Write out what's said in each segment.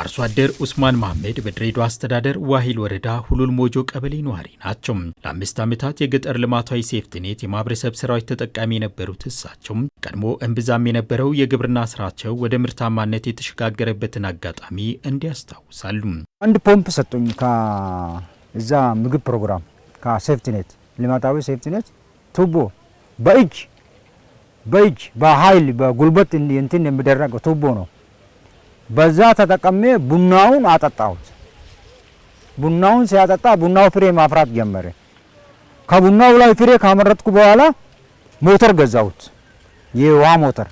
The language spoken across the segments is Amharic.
አርሶ አደር ኡስማን መሐመድ በድሬዳዋ አስተዳደር ዋሂል ወረዳ ሁሉል ሞጆ ቀበሌ ነዋሪ ናቸው። ለአምስት ዓመታት የገጠር ልማታዊ ሴፍትኔት የማህበረሰብ ስራዎች ተጠቃሚ የነበሩት እሳቸው ቀድሞ እምብዛም የነበረው የግብርና ስራቸው ወደ ምርታማነት የተሸጋገረበትን አጋጣሚ እንዲያስታውሳሉ። አንድ ፖምፕ ሰጡኝ ከዛ ምግብ ፕሮግራም ከሴፍትኔት ልማታዊ ሴፍትኔት ቱቦ በእጅ በእጅ በኃይል በጉልበት እንትን የሚደረገው ቱቦ ነው በዛ ተጠቀሜ ቡናውን አጠጣሁት። ቡናውን ሲያጠጣ ቡናው ፍሬ ማፍራት ጀመረ። ከቡናው ላይ ፍሬ ካመረትኩ በኋላ ሞተር ገዛሁት፣ የውሃ ሞተር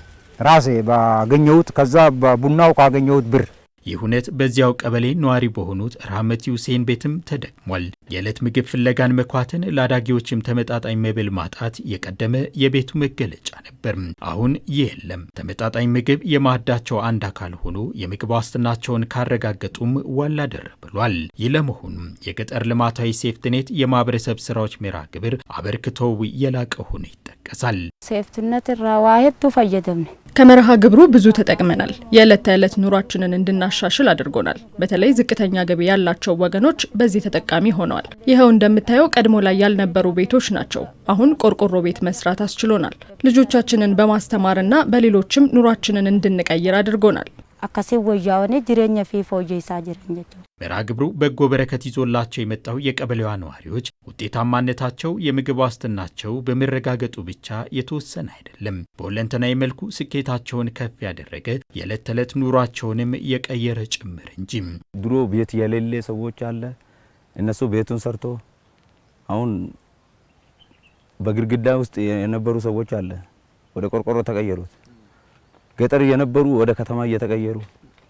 ራሴ ባገኘሁት ከዛ በቡናው ካገኘሁት ብር ይህ ሁነት በዚያው ቀበሌ ነዋሪ በሆኑት ራህመቲ ሁሴን ቤትም ተደግሟል። የዕለት ምግብ ፍለጋን መኳትን ለአዳጊዎችም ተመጣጣኝ መብል ማጣት የቀደመ የቤቱ መገለጫ ነበር። አሁን ይህ የለም። ተመጣጣኝ ምግብ የማዕዳቸው አንድ አካል ሆኖ የምግብ ዋስትናቸውን ካረጋገጡም ዋላ ብሏል። ይህ ለመሆኑ የገጠር ልማታዊ ሴፍትኔት የማህበረሰብ ስራዎች ሜራ ግብር አበርክቶው የላቀ ሆኖ ይጠቀሳል። ሴፍትነት ራ ዋሄቱ ከመርሃ ግብሩ ብዙ ተጠቅመናል። የዕለት ተዕለት ኑሯችንን እንድናሻሽል አድርጎናል። በተለይ ዝቅተኛ ገቢ ያላቸው ወገኖች በዚህ ተጠቃሚ ሆነዋል። ይኸው እንደምታየው ቀድሞ ላይ ያልነበሩ ቤቶች ናቸው። አሁን ቆርቆሮ ቤት መስራት አስችሎናል። ልጆቻችንን በማስተማርና በሌሎችም ኑሯችንን እንድንቀይር አድርጎናል። akkasii woyyaa'oonee ጅረኛ fi fooyyeessaa መርሃ ግብሩ በጎ በረከት ይዞላቸው የመጣው የቀበሌዋ ነዋሪዎች ውጤታማነታቸው የምግብ ዋስትናቸው በመረጋገጡ ብቻ የተወሰነ አይደለም፣ በሁለንተናዊ መልኩ ስኬታቸውን ከፍ ያደረገ የዕለት ተዕለት ኑሯቸውንም የቀየረ ጭምር እንጂ። ድሮ ቤት የሌለ ሰዎች አለ። እነሱ ቤቱን ሰርቶ አሁን በግድግዳ ውስጥ የነበሩ ሰዎች አለ ወደ ቆርቆሮ ተቀየሩት። ገጠር እየነበሩ ወደ ከተማ እየተቀየሩ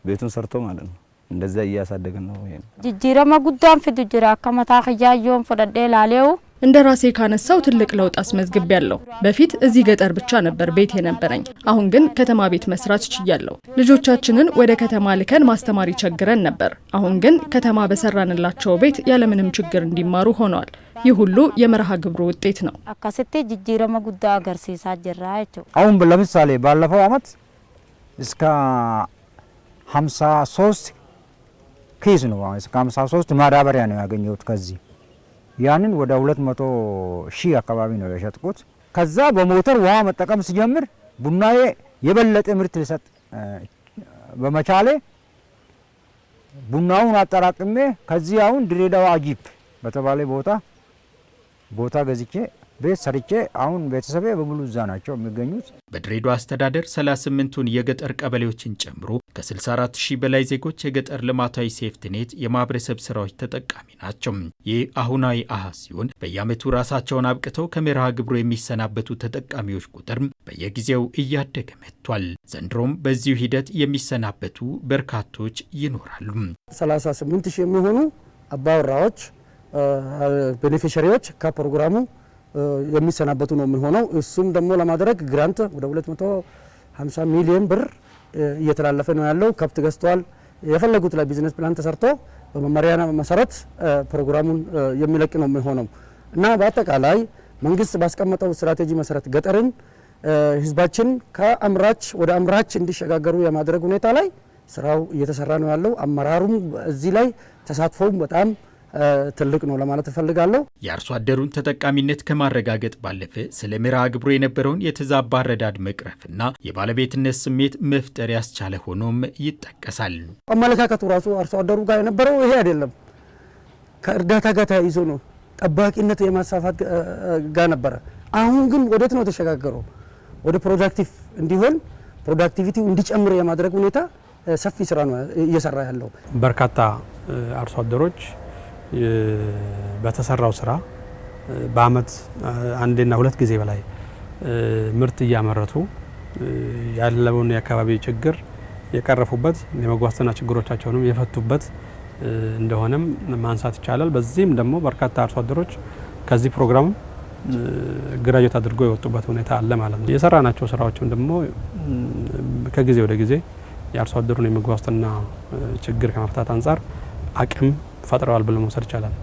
ቤቱን ሰርቶ ማለት ነው። እንደዛ እያሳደገን ነው። ጅጅረመ ጉዳን ፍጅጅራ ከመታ ከያየውን ፍለዴ ላሌው እንደ ራሴ ካነሳው ትልቅ ለውጥ አስመዝግብ ያለው። በፊት እዚህ ገጠር ብቻ ነበር ቤት የነበረኝ። አሁን ግን ከተማ ቤት መስራት ችያለሁ። ልጆቻችንን ወደ ከተማ ልከን ማስተማር ይቸግረን ነበር። አሁን ግን ከተማ በሰራንላቸው ቤት ያለምንም ችግር እንዲማሩ ሆነዋል። ይህ ሁሉ የመርሃ ግብሩ ውጤት ነው። አካሴቴ ጅጅረመ ጉዳ ገርሲሳ ጀራቸው አሁን ለምሳሌ ባለፈው አመት እስከ 53 ኪስ ነው። እስከ 53 ማዳበሪያ ነው ያገኘሁት ከዚህ ያንን ወደ 200 ሺህ አካባቢ ነው የሸጥኩት። ከዛ በሞተር ውሃ መጠቀም ሲጀምር ቡናዬ የበለጠ ምርት ሊሰጥ በመቻሌ ቡናውን አጠራቅሜ ከዚህ አሁን ድሬዳዋ አጂፕ በተባለ ቦታ ቦታ ገዝቼ ቤት ሰርቼ አሁን ቤተሰቤ በሙሉ እዛ ናቸው የሚገኙት። በድሬዳዋ አስተዳደር 38ቱን የገጠር ቀበሌዎችን ጨምሮ ከ64 ሺህ በላይ ዜጎች የገጠር ልማታዊ ሴፍትኔት የማህበረሰብ ስራዎች ተጠቃሚ ናቸው። ይህ አሁናዊ አሃ ሲሆን በየዓመቱ ራሳቸውን አብቅተው ከመርሃ ግብሩ የሚሰናበቱ ተጠቃሚዎች ቁጥር በየጊዜው እያደገ መጥቷል። ዘንድሮም በዚሁ ሂደት የሚሰናበቱ በርካቶች ይኖራሉ። 38 ሺህ የሚሆኑ አባወራዎች ቤኔፊሸሪዎች ከፕሮግራሙ የሚሰናበቱ ነው የሚሆነው። እሱም ደግሞ ለማድረግ ግራንት ወደ 250 ሚሊዮን ብር እየተላለፈ ነው ያለው። ከብት ገዝተዋል። የፈለጉት ላይ ቢዝነስ ፕላን ተሰርቶ በመመሪያ መሰረት ፕሮግራሙን የሚለቅ ነው የሚሆነው እና በአጠቃላይ መንግስት ባስቀመጠው ስትራቴጂ መሰረት ገጠርን ህዝባችን ከአምራች ወደ አምራች እንዲሸጋገሩ የማድረግ ሁኔታ ላይ ስራው እየተሰራ ነው ያለው። አመራሩም እዚህ ላይ ተሳትፎውም በጣም ትልቅ ነው ለማለት እፈልጋለሁ። የአርሶ አደሩን ተጠቃሚነት ከማረጋገጥ ባለፈ ስለ መርሃ ግብሩ የነበረውን የተዛባ አረዳድ መቅረፍና የባለቤትነት ስሜት መፍጠር ያስቻለ ሆኖም ይጠቀሳል። አመለካከቱ ራሱ አርሶ አደሩ ጋር የነበረው ይሄ አይደለም፣ ከእርዳታ ጋር ተያይዞ ነው ጠባቂነት የማስፋፋት ጋር ነበረ። አሁን ግን ወዴት ነው የተሸጋገረው? ወደ ፕሮዳክቲቭ እንዲሆን ፕሮዳክቲቪቲው እንዲጨምር የማድረግ ሁኔታ ሰፊ ስራ ነው እየሰራ ያለው። በርካታ አርሶ አደሮች በተሰራው ስራ በአመት አንዴና ሁለት ጊዜ በላይ ምርት እያመረቱ ያለውን የአካባቢ ችግር የቀረፉበት የምግብ ዋስትና ችግሮቻቸውንም የፈቱበት እንደሆነም ማንሳት ይቻላል። በዚህም ደግሞ በርካታ አርሶ አደሮች ከዚህ ፕሮግራም ግራጅዌት አድርጎ የወጡበት ሁኔታ አለ ማለት ነው። የሰራናቸው ስራዎችም ደግሞ ከጊዜ ወደ ጊዜ የአርሶ አደሩን የምግብ ዋስትና ችግር ከመፍታት አንጻር አቅም ፈጥረዋል ብሎ መውሰድ ይቻላል።